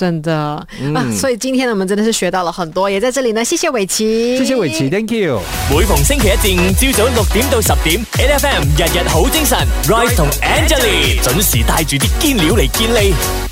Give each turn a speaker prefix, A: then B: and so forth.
A: 真的、嗯啊，所以今天呢，我們真的是學到了很多，也在這裏呢，謝謝偉麒，謝謝偉麒 Thank
B: you。每逢星期一
A: 至五朝早六點到十點 NFM 日日好精神，Rise 同 Angelie 準時帶住啲堅料嚟見你。